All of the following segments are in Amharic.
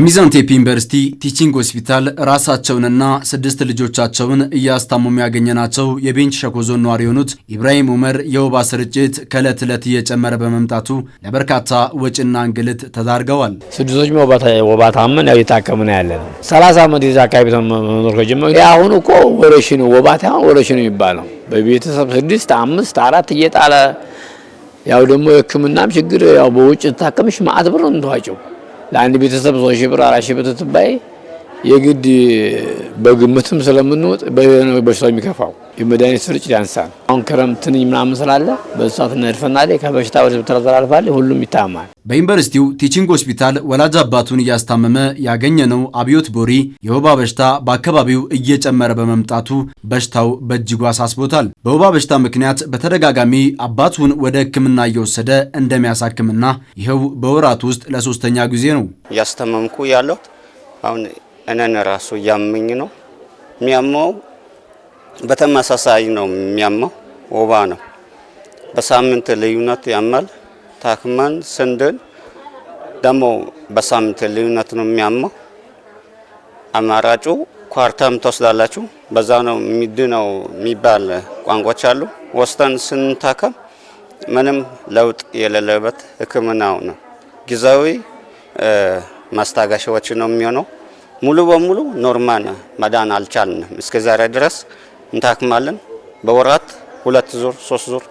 በሚዛን ቴፒ ዩኒቨርሲቲ ቲቺንግ ሆስፒታል ራሳቸውንና ስድስት ልጆቻቸውን እያስታመሙ ያገኘናቸው የቤንች ሸኮ ዞን ነዋሪ የሆኑት ኢብራሂም ኡመር የወባ ስርጭት ከእለት ዕለት እየጨመረ በመምጣቱ ለበርካታ ወጪና እንግልት ተዳርገዋል። ስድስቶች ወባ ታመን ያው የታከምን ያለ ነው። ሰላሳ ዓመት የዛ አካባቢ መኖር ከጀመረ አሁን እኮ ወረሽኑ ወባ ታይሆን ወረሽኑ የሚባለው በቤተሰብ ስድስት አምስት አራት እየጣለ ያው ደግሞ የህክምናም ችግር ያው በውጭ ታከምሽ ማዕት ብር ነው የምትዋጪው لعند بيتسبب زوجي برا على شبة تبعي የግድ በግምትም ስለምንወጥ በሽታው የሚከፋው የመድኃኒት ስርጭት ያንሳል። አሁን ክረምት ምናምን ስላለ በእንስሳት እናድፈናለች፣ ከበሽታ ወደ ተተላለፋለች፣ ሁሉም ይታማል። በዩኒቨርሲቲው ቲችንግ ሆስፒታል ወላጅ አባቱን እያስታመመ ያገኘነው አብዮት ቦሪ የወባ በሽታ በአካባቢው እየጨመረ በመምጣቱ በሽታው በእጅጉ አሳስቦታል። በወባ በሽታ ምክንያት በተደጋጋሚ አባቱን ወደ ሕክምና እየወሰደ እንደሚያሳክምና ይኸው በወራት ውስጥ ለሶስተኛ ጊዜ ነው እያስታመምኩ ያለው አሁን እኔን ራሱ እያመኝ ነው የሚያመው። በተመሳሳይ ነው የሚያመው፣ ወባ ነው። በሳምንት ልዩነት ያመል። ታክመን ስንድን ደግሞ በሳምንት ልዩነት ነው የሚያመው። አማራጩ ኳርታም ተወስዳላችሁ፣ በዛ ነው የሚድነው የሚባል ቋንቋዎች አሉ። ወስተን ስንታከም ምንም ለውጥ የሌለበት ህክምናው ነው ጊዜያዊ ማስታገሻዎች ነው የሚሆነው። ሙሉ በሙሉ ኖርማን መዳን አልቻልንም። እስከ ዛሬ ድረስ እንታክማለን። በወራት ሁለት ዙር ሶስት ዙር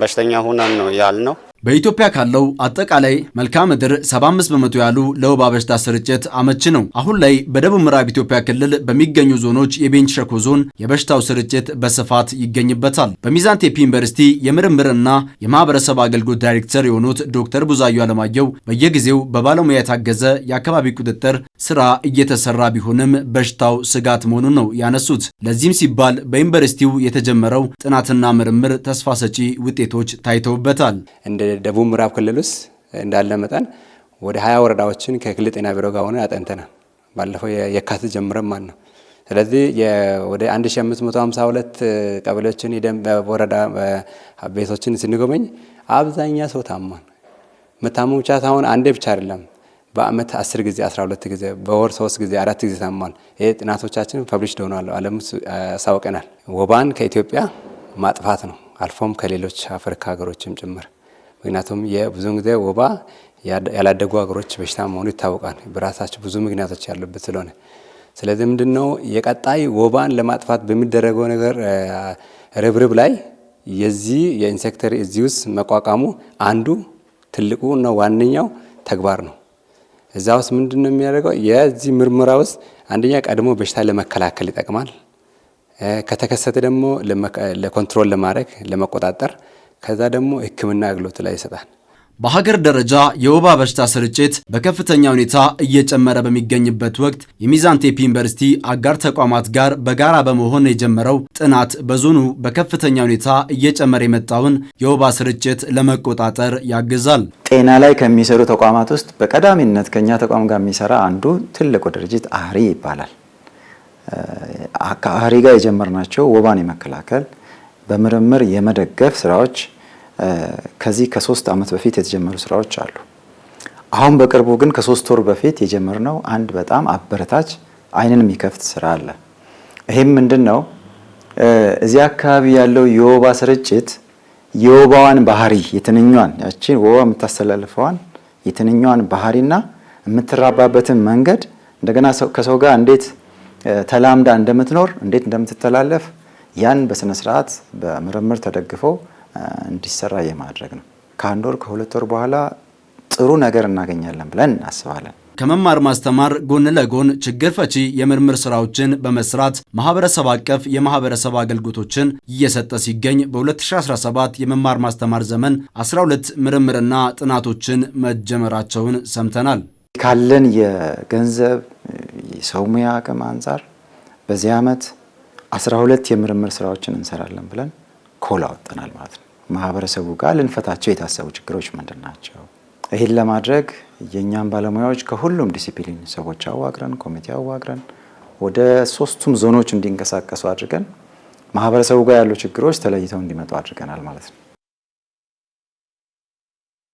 በሽተኛ ሆነን ነው ያልነው። በኢትዮጵያ ካለው አጠቃላይ መልክዓ ምድር 75 በመቶ ያሉ ለወባ በሽታ ስርጭት አመች ነው። አሁን ላይ በደቡብ ምዕራብ ኢትዮጵያ ክልል በሚገኙ ዞኖች የቤንች ሸኮ ዞን የበሽታው ስርጭት በስፋት ይገኝበታል። በሚዛን ቴፒ ዩኒቨርሲቲ የምርምርና የማህበረሰብ አገልግሎት ዳይሬክተር የሆኑት ዶክተር ቡዛዩ አለማየሁ በየጊዜው በባለሙያ የታገዘ የአካባቢ ቁጥጥር ስራ እየተሰራ ቢሆንም በሽታው ስጋት መሆኑን ነው ያነሱት። ለዚህም ሲባል በዩኒቨርሲቲው የተጀመረው ጥናትና ምርምር ተስፋ ሰጪ ውጤቶች ታይተውበታል። ደቡብ ምዕራብ ክልል ውስጥ እንዳለ መጠን ወደ ሀያ ወረዳዎችን ከክልል ጤና ቢሮ ጋር ሆነ አጠንተናል። ባለፈው የካቲት ጀምረን ማለት ነው። ስለዚህ ወደ 1552 ቀበሌዎችን ወረዳ ቤቶችን ስንጎበኝ አብዛኛ ሰው ታሟል። መታሙ ብቻ ሳይሆን አንዴ ብቻ አይደለም፣ በአመት 10 ጊዜ 12 ጊዜ፣ በወር 3 ጊዜ አራት ጊዜ ታሟል። ይሄ ጥናቶቻችን ፐብሊሽ ደሆነዋል፣ ዓለም አሳውቀናል። ወባን ከኢትዮጵያ ማጥፋት ነው፣ አልፎም ከሌሎች አፍሪካ ሀገሮችም ጭምር ምክንያቱም የብዙውን ጊዜ ወባ ያላደጉ ሀገሮች በሽታ መሆኑ ይታወቃል። በራሳቸው ብዙ ምክንያቶች ያሉበት ስለሆነ ስለዚህ ምንድን ነው የቀጣይ ወባን ለማጥፋት በሚደረገው ነገር ርብርብ ላይ የዚህ የኢንሴክተር እዚህ ውስጥ መቋቋሙ አንዱ ትልቁ እና ዋነኛው ተግባር ነው። እዛ ውስጥ ምንድን ነው የሚያደርገው የዚህ ምርመራ ውስጥ አንደኛ ቀድሞ በሽታ ለመከላከል ይጠቅማል። ከተከሰተ ደግሞ ለኮንትሮል ለማድረግ ለመቆጣጠር ከዛ ደግሞ ህክምና አገልግሎት ላይ ይሰጣል። በሀገር ደረጃ የወባ በሽታ ስርጭት በከፍተኛ ሁኔታ እየጨመረ በሚገኝበት ወቅት የሚዛን ቴፒ ዩኒቨርሲቲ አጋር ተቋማት ጋር በጋራ በመሆን የጀመረው ጥናት በዞኑ በከፍተኛ ሁኔታ እየጨመረ የመጣውን የወባ ስርጭት ለመቆጣጠር ያግዛል። ጤና ላይ ከሚሰሩ ተቋማት ውስጥ በቀዳሚነት ከኛ ተቋም ጋር የሚሰራ አንዱ ትልቁ ድርጅት አህሪ ይባላል። ከአህሪ ጋር የጀመርናቸው ወባን የመከላከል በምርምር የመደገፍ ስራዎች ከዚህ ከሶስት ዓመት በፊት የተጀመሩ ስራዎች አሉ። አሁን በቅርቡ ግን ከሶስት ወር በፊት የጀመርነው አንድ በጣም አበረታች አይንን የሚከፍት ስራ አለ። ይህም ምንድን ነው? እዚህ አካባቢ ያለው የወባ ስርጭት የወባዋን ባህሪ የትንኛዋን ያችን ወባ የምታስተላልፈዋን የትንኛዋን ባህሪና የምትራባበትን መንገድ እንደገና ከሰው ጋር እንዴት ተላምዳ እንደምትኖር እንዴት እንደምትተላለፍ ያን በስነ ስርዓት በምርምር ተደግፎ እንዲሰራ የማድረግ ነው። ከአንድ ወር ከሁለት ወር በኋላ ጥሩ ነገር እናገኛለን ብለን እናስባለን። ከመማር ማስተማር ጎን ለጎን ችግር ፈቺ የምርምር ስራዎችን በመስራት ማህበረሰብ አቀፍ የማህበረሰብ አገልግሎቶችን እየሰጠ ሲገኝ በ2017 የመማር ማስተማር ዘመን 12 ምርምርና ጥናቶችን መጀመራቸውን ሰምተናል። ካለን የገንዘብ የሰው ሙያ አቅም አንጻር በዚህ ዓመት አስራ ሁለት የምርምር ስራዎችን እንሰራለን ብለን ኮል አወጥተናል ማለት ነው። ማህበረሰቡ ጋር ልንፈታቸው የታሰቡ ችግሮች ምንድን ናቸው? ይህን ለማድረግ የእኛም ባለሙያዎች ከሁሉም ዲሲፕሊን ሰዎች አዋቅረን ኮሚቴ አዋቅረን ወደ ሶስቱም ዞኖች እንዲንቀሳቀሱ አድርገን ማህበረሰቡ ጋር ያሉ ችግሮች ተለይተው እንዲመጡ አድርገናል ማለት ነው።